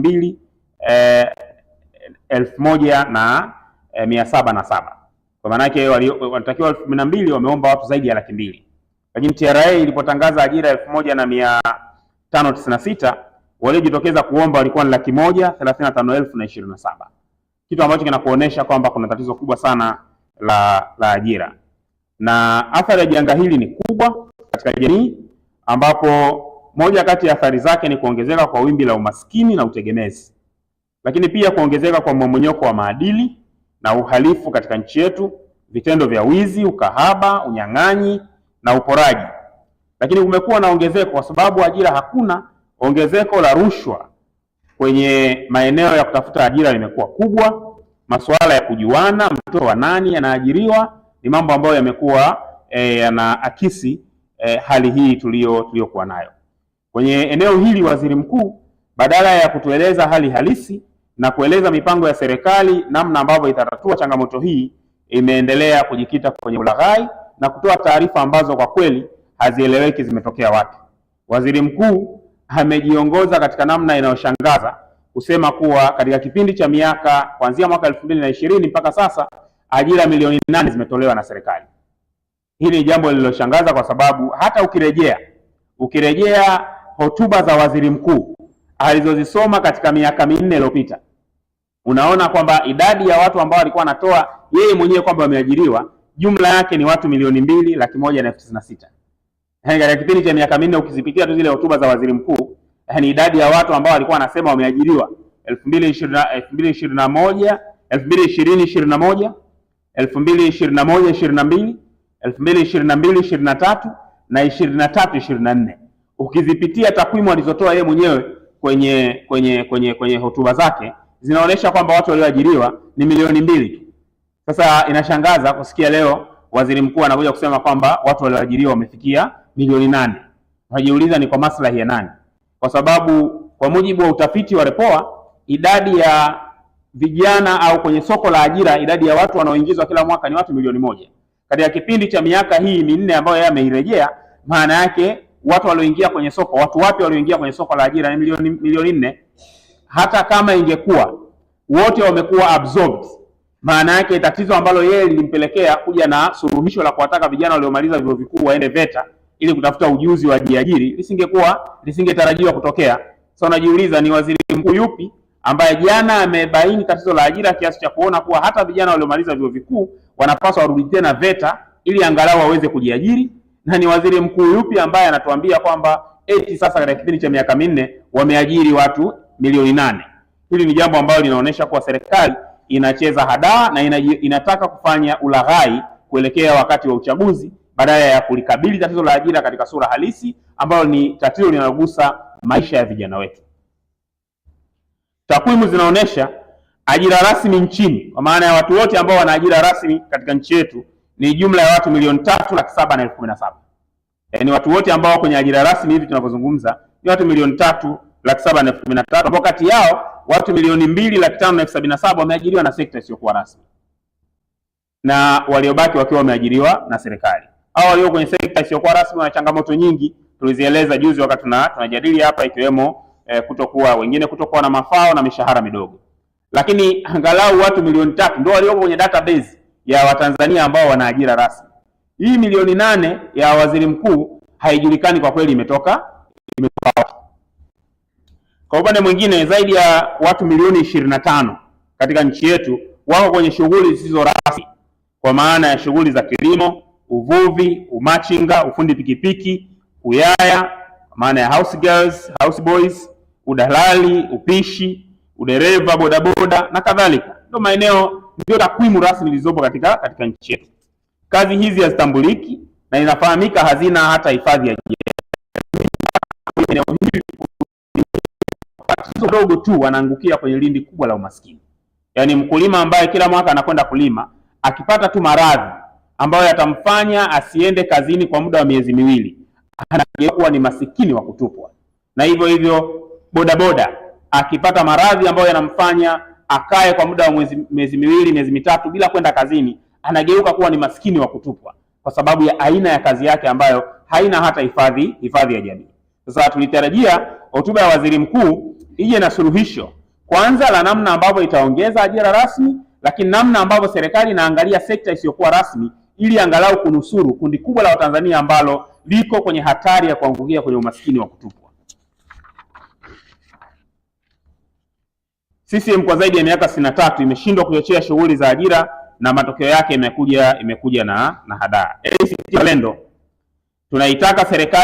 mbili eh, elfu moja na eh, mia saba na saba kwa maana yake wanatakiwa elfu kumi na mbili wameomba watu zaidi ya laki mbili lakini TRA ilipotangaza ajira elfu moja na mia tano tisini na sita waliojitokeza kuomba walikuwa ni laki moja thelathini na tano elfu na ishirini na saba kitu ambacho kinakuonesha kwamba kuna tatizo kubwa sana la la ajira na athari ya janga hili ni kubwa katika jamii ambapo moja kati ya athari zake ni kuongezeka kwa wimbi la umaskini na utegemezi, lakini pia kuongezeka kwa mmomonyoko wa maadili na uhalifu katika nchi yetu, vitendo vya wizi, ukahaba, unyang'anyi na uporaji. Lakini kumekuwa na ongezeko kwa sababu ajira hakuna, ongezeko la rushwa kwenye maeneo ya kutafuta ajira limekuwa kubwa. Masuala ya kujuana, mtoto wa nani anaajiriwa, ni mambo ambayo yamekuwa eh, yanaakisi e, hali hii tuliyo tuliyokuwa nayo. Kwenye eneo hili, waziri mkuu badala ya kutueleza hali halisi na kueleza mipango ya serikali namna ambavyo itatatua changamoto hii, imeendelea kujikita kwenye ulaghai na kutoa taarifa ambazo kwa kweli hazieleweki zimetokea wapi. Waziri mkuu amejiongoza katika namna inayoshangaza kusema kuwa katika kipindi cha miaka kuanzia mwaka elfu mbili na ishirini mpaka sasa ajira milioni nane zimetolewa na serikali. Hili ni jambo lililoshangaza kwa sababu hata ukirejea ukirejea hotuba za waziri mkuu alizozisoma katika miaka minne iliyopita, unaona kwamba idadi ya watu ambao alikuwa anatoa yeye mwenyewe kwamba wameajiriwa jumla yake ni watu milioni mbili laki moja na elfu tisini na sita eh, katika kipindi cha miaka minne. Ukizipitia tu zile hotuba za waziri mkuu, eh, ni idadi ya watu ambao alikuwa anasema wameajiriwa elfu mbili ishirini na moja elfu mbili ishirini ishirini na moja elfu mbili ishirini na moja ishirini na mbili elfu mbili ishirini na mbili ishirini na tatu na ishirini na tatu ishirini na nne ukizipitia takwimu alizotoa yeye mwenyewe kwenye kwenye kwenye kwenye hotuba zake zinaonyesha kwamba watu walioajiriwa ni milioni mbili tu. Sasa inashangaza kusikia leo waziri mkuu anakuja kusema kwamba watu walioajiriwa wamefikia milioni nane. Unajiuliza ni kwa maslahi ya nani? Kwa sababu kwa mujibu wa utafiti wa Repoa, idadi ya vijana au kwenye soko la ajira, idadi ya watu wanaoingizwa kila mwaka ni watu milioni moja. Katika kipindi cha miaka hii minne ambayo yeye ameirejea, maana yake watu walioingia kwenye soko, watu wapya walioingia kwenye soko la ajira ni milioni milioni nne. Hata kama ingekuwa wote wamekuwa absorbed, maana yake tatizo ambalo yeye lilimpelekea kuja na suluhisho la kuwataka vijana waliomaliza vyuo vikuu waende VETA ili kutafuta ujuzi wa jiajiri lisingekuwa lisingetarajiwa kutokea. Sasa unajiuliza ni waziri mkuu yupi ambaye jana amebaini tatizo la ajira kiasi cha kuona kuwa hata vijana waliomaliza vyuo vikuu wanapaswa warudi tena VETA ili angalau waweze kujiajiri na ni waziri mkuu yupi ambaye anatuambia kwamba eti sasa katika kipindi cha miaka minne wameajiri watu milioni nane? Hili ni jambo ambalo linaonyesha kuwa serikali inacheza hadaa na inataka kufanya ulaghai kuelekea wakati wa uchaguzi badala ya kulikabili tatizo la ajira katika sura halisi ambalo ni tatizo linalogusa maisha ya vijana wetu. Takwimu zinaonyesha ajira rasmi nchini, kwa maana ya watu wote ambao wana ajira rasmi katika nchi yetu ni jumla ya watu milioni tatu laki saba na elfu kumi na saba. Yaani watu wote ambao kwenye ajira rasmi hivi tunavyozungumza ni watu milioni tatu laki saba na elfu kumi na tatu ambao kati yao watu milioni mbili laki tano na elfu sabini na saba wameajiriwa na sekta isiyokuwa rasmi na waliobaki wakiwa wameajiriwa na serikali. Hao walio kwenye sekta isiyokuwa rasmi wana changamoto nyingi tulizieleza juzi wakati tuna tunajadili hapa, ikiwemo e, kutokuwa wengine kutokuwa na mafao na mishahara midogo, lakini angalau watu milioni tatu ndio walioko kwenye database ya Watanzania ambao wana ajira rasmi. Hii milioni nane ya waziri mkuu haijulikani kwa kweli imetoka imetoka wapi. Kwa upande mwingine, zaidi ya watu milioni ishirini na tano katika nchi yetu wako kwenye shughuli zisizo rasmi, kwa maana ya shughuli za kilimo, uvuvi, umachinga, ufundi pikipiki, uyaya, maana ya house girls, house boys, udalali, upishi, udereva bodaboda na kadhalika, ndio maeneo ndio takwimu rasmi zilizopo katika katika nchi yetu. Kazi hizi hazitambuliki na inafahamika hazina hata hifadhi ya eneo hili tu wanaangukia kwenye lindi kubwa la umaskini. Yaani mkulima ambaye kila mwaka anakwenda kulima akipata tu maradhi ambayo yatamfanya asiende kazini kwa muda wa miezi miwili, anakuwa ni masikini wa kutupwa. Na hivyo hivyo bodaboda akipata maradhi ambayo yanamfanya akae kwa muda wa mwezi, miezi miwili miezi mitatu bila kwenda kazini, anageuka kuwa ni maskini wa kutupwa kwa sababu ya aina ya kazi yake ambayo haina hata hifadhi hifadhi ya jamii. Sasa tulitarajia hotuba ya waziri mkuu ije na suluhisho kwanza la namna ambavyo itaongeza ajira rasmi, lakini namna ambavyo serikali inaangalia sekta isiyokuwa rasmi ili angalau kunusuru kundi kubwa la Watanzania ambalo liko kwenye hatari ya kuangukia kwenye umaskini wa kutupwa. CCM kwa zaidi ya miaka sitini na tatu imeshindwa kuchochea shughuli za ajira na matokeo yake imekuja imekuja na na hadaa. ACT Wazalendo tunaitaka serikali